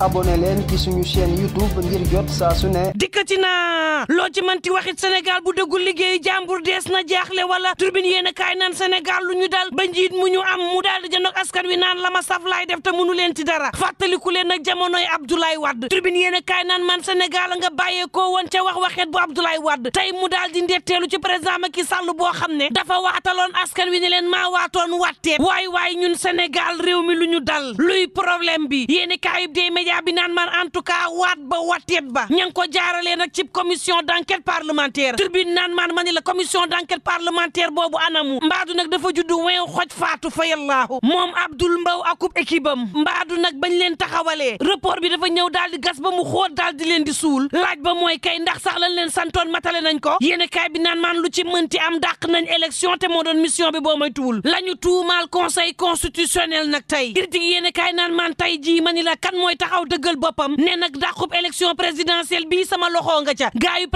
abonné leen ci suñu chaîne YouTube ngir jot saa su ne dikkati na loo ci mënti waxit Sénégal bu dëggul liggéey jàmbur dees na jaaxle wala turbine yéen kaay naan Sénégal lu ñu dal ba njiit mu ñu am mu daal di jënd ak askan wi naan la ma saf laay def te mënu leen ci dara fàttaliku leen nag jamonoy Abdoulaye Wade turbine yéen kaay naan man a nga bàyyeekoo woon ca wax waxeet bu Abdoulaye Wade tey mu daal di ndetteelu ci président Macky Sall boo xam ne dafa waataloon askan wi ne leen maa waatoon wattee waay waay ñun réew mi lu ñu dal média bi naan man en tout cas waat ba wateet ba ña ngi nag ci commission d' enquête parlementaire tribune naan man ma ni la commission d' enquête parlementaire boobu anamu mbaadu nag dafa judd weew xoj faatu fa yallaahu moom Abdoul Mbaw akub équipe am mbaadu nag bañ leen taxawalee report bi dafa ñëw daal di gas ba mu xóot daal di leen di suul laaj ba mooy kay ndax sax lañ leen santoon matale nañ ko yéen kaay bi naan man lu ci mënti am dàq nañ élection te moo doon mission bi boo may tuwul la ñu tuumaal conseil constitutionnel nag tey critique yéen man tey jii ma la kan mooy taxaw taxaw dëggal boppam ne nag dàqub élection présidentielle bi sama loxo nga ca gars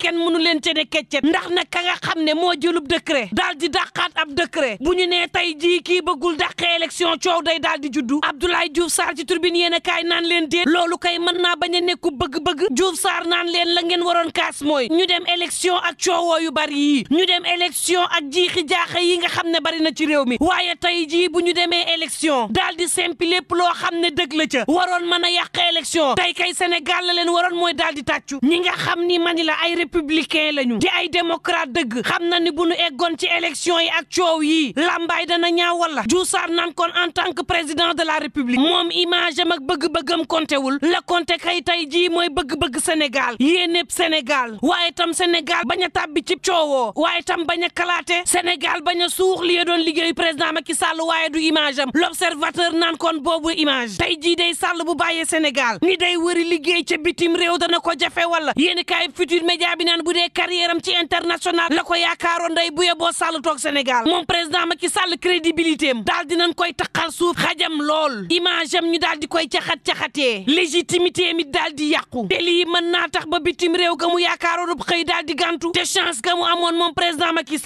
kenn mënu leen cene keccet ndax nag ka nga xam ne moo jëlub décret daal di dàqaat ab décret bu ñu nee tey jii kii bëggul dàqee élection coow day daal di juddu Abdoulaye Diouf Sarr ci turbine yéen a kaay naan leen déet loolu kay mën naa bañ a nekku bëgg-bëgg Diouf Sarr naan leen la ngeen waroon kaas mooy ñu dem élection ak coowoo yu bari yi ñu dem élection ak jiixi jaaxa naxe yi nga xam ne bari na ci réew mi waaye tey jii bu ñu demee élection daal di simpi lépp loo xam ne dëgg la ca waroon mën a yàq élection tay kay Sénégal la leen waroon mooy daal di tàccu ñi nga xam ni mani la ay républicain ñu di ay démocrate dëgg xam na ni bu ñu eggoon ci élection yi ak coow yi lambaay dana ñaaw wala juusaar naan kon en tant que président de la république moom image am bëgg-bëggam kontewul la konte kay tey jii mooy bëgg-bëgg Sénégal yéenépp Sénégal waaye tam Sénégal bañ a tàbbi ci coowoo waaye tam bañ a Sénégal bañ a suux li doon liggéeyu président Macky Sall waaye du image am l'observateur naan kon boobu image tey jii day Sall bu bàyyee Sénégal ni day wëri liggéey ca bitim réew dana ko jafe wala yéen kaay futur média bi naan bu dee carrière am ci international la ko yaakaaroon day bu yeboo Sall toog Sénégal moom président Macky Sall crédibilité am daal dinañ koy taqal suuf xajam lool image am ñu daal di koy caxat caxatee légitimité mi daal di yàqu te lii mën naa tax ba bitim réew ga mu yaakaaroon xëy daal di gàntu te chance ga mu amoon moom président Macky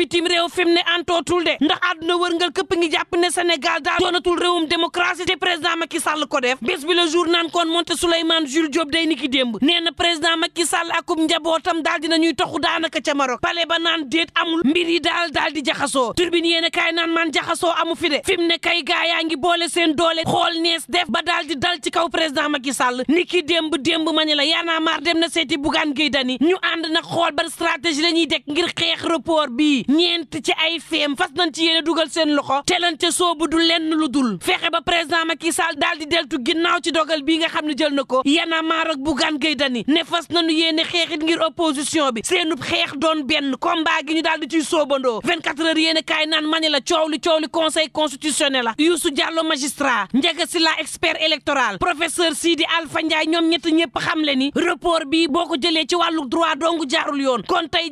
bitim réew fi mu ne antootul de ndax àdduna wërngal këpp ngi jàpp ne Sénégal daal doonatul réewum démocratie te président Macky Sall ko def bés bi le jour naan koon monte Souleymane Jules Diop day ni ki démb nee na président Macky Sall akub njabootam daal dinañuy toxu daanaka ca Maroc pale ba naan déet amul mbir yi daal daal di jaxasoo turbine yéen a kaay naan man jaxasoo amu fi de fi mu ne kay gaa yaa ngi boole seen doole xool nees def ba daal di dal ci kaw président Macky Sall ni ki démb démb ma ne la yaanaa maar dem na seeti Bougane Gueye Dany ñu ànd nag xool ban stratégie la ñuy dek ngir xeex report bii ñeent ci ay feem fas nañ ci yéene dugal seen loxo te lañ ca soobu du lenn lu dul fexe ba président Macky Sall daal di deltu ginnaaw ci dogal bii nga xam ne jël na ko yana maar ak Bougane Gueye Dany ne fas nañu yéene xeexit ngir opposition bi seenub xeex doon benn combat gi ñu daal di ciy soobandoo 24 heures yéene kaay naan mani la coow li coow li conseil constitutionnel la Youssou si la Ndiaga Sylla expert électoral professeur di Alpha Ndiaye ñoom ñett ñëpp xam le ni report bi boo ko jëlee ci wàllu droit dong jaarul yoon kon tey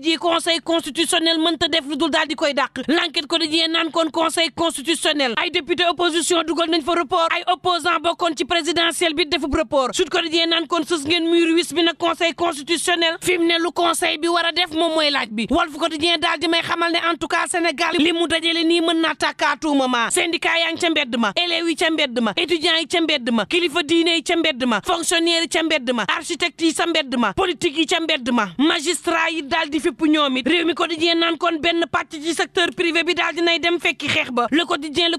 def lu dul daal di koy dàq l'enquête quotidien naan kon conseil constitutionnel ay député opposition dugal nañ fa report ay opposant bokkoon ci présidentiel bi defub report sud quotidien naan kon sës ngeen mur wis bi na conseil constitutionnel ne lu conseil bi war a def moom laaj bi Walf Quotidien daal di may xamal ne en tout cas Sénégal li mën naa tàkkaatuuma ma syndicat yaa ngi ca mbedd ma élèves yi ca mbedd ma étudiants yi ca mbedd ma kilifa diine yi ca ma fonctionnaire yi ca benn pàcc ci secteur privé bi daal dinay dem fekki xeex ba le quotidien le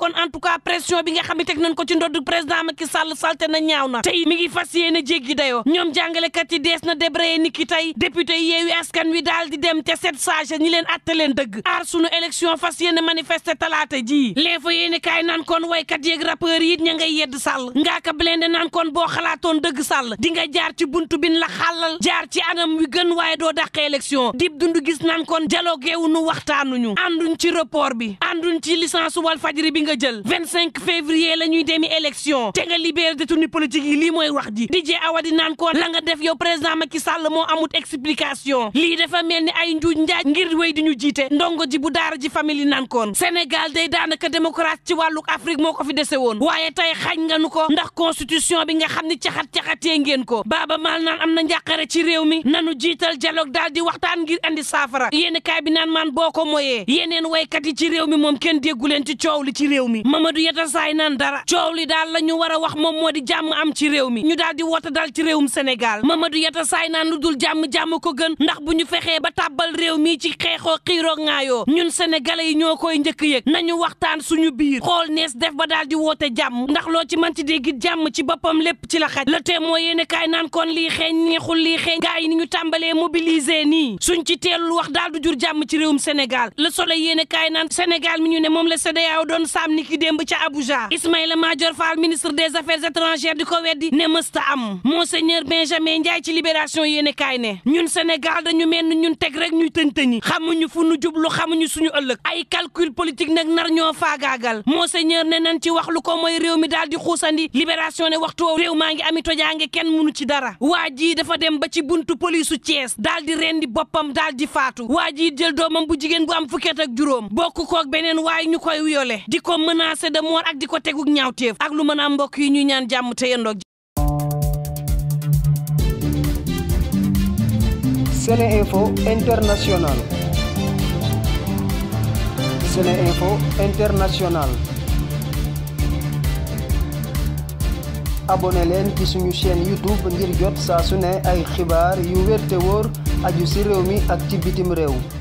kon en pression bi nga xam ne teg nañ ko ci ndodd président Macky Sall salte na ñaaw na tey mi ngi fas yéene jéggi dayoo ñoom jàngalekat yi dees na débrayé ni ki tey député yeewi askan wi daal di dem te set sage ñi leen atte leen dëgg aar sunu élection fas yéene manifester talaata jii l'info yéene kaay naan kon waykat yeeg rappeur yi ña ngay yedd sàll ngaaka blende boo xalaatoon dëgg sàll di nga jaar ci buntu bin la xàllal jaar ci anam wi gën waaye doo dàq élection dib dund gis naan kon jalo dialogué wuñu waxtaanuñu ànduñ ci report bi ànduñ ci licence Walfadjri bi nga jël 25 février la ñuy demi élection te nga libéré détenu politique yi lii mooy wax ji di DJ Awadi naan ko la nga def yow président Macky Sall moo amut explication lii dafa mel ni ay njuuj njaaj ngir wéy di ñu jiite ndongo ji bu daara ji famille naan koon Sénégal day daanaka démocratie ci wàllu Afrique moo ko fi dese woon waaye tey xaaj nga nu ko ndax constitution bi nga xam ni caxat caxatee ngeen ko Baaba Maal naan am na njàqare ci réew mi nanu jiital dialogue daal waxtaan ngir andi saafara yéenekaay bi naan maan boo ko moyee yeneen waykat yi ci réew mi moom kenn déggu leen ci coow li ci réew mi Mamadou Yatasaay naan dara coow li daal la ñu war a wax moom moo di jàmm am ci réew mi ñu daal di woote dal ci réew réewum Sénégal Mamadou Yatasaay naan lu dul jàmm-jàmm ko gën ndax bu ñu fexee ba tàbbal réew mi ci xeexoo xiiroo ŋaayoo ñun sénégalais yi ñoo koy njëkk yëg nañu waxtaan suñu biir xool nees def ba daal di woote jàmm ndax loo ci man ci dégg jàmm ci boppam lépp ci la xaj le témoin yéenekaay naan kon lii xeeñ neexul lii xeeñ yi ni ñu tàmbalee mobiliser nii jàmm ci réewum Sénégal le soleil yéene kaay naan Sénégal mi ñu ne moom la CEDEAO doon saam ni ki démb ca Abuja Ismaïla Madior Fall ministre des affaires étrangères di ko weddi ne mësta am monseigneur Benjamin Ndiaye ci libération yéene kaay ne ñun Sénégal dañu mel ni ñun teg rek ñuy tëntëñi xamuñu fu nu jublu xamuñu suñu ëllëg ay calcul politique nag nar ñoo faagaagal monseigneur ne nañ ci wax lu ko mooy réew mi daal di xuusandi libération ne waxtu woowu réew maa ngi ami tojaange kenn munu ci dara waa ji dafa dem ba ci buntu polisu Thiès daal di rendi boppam daal di faatu jël doomam bu jigéen bu am fukket ak juróom bokk kook beneen waaye ñu koy wiyole di ko menacé de mort ak di ko teguk ñaawteef ak lu mën a mbokk yi ñu ñaan jàmm te yendoog Seneinfo leen ci suñu chaîne YouTube ngir jot saa su ne ay xibaar yu wér wóor aju ci réew mi ak ci bitim réew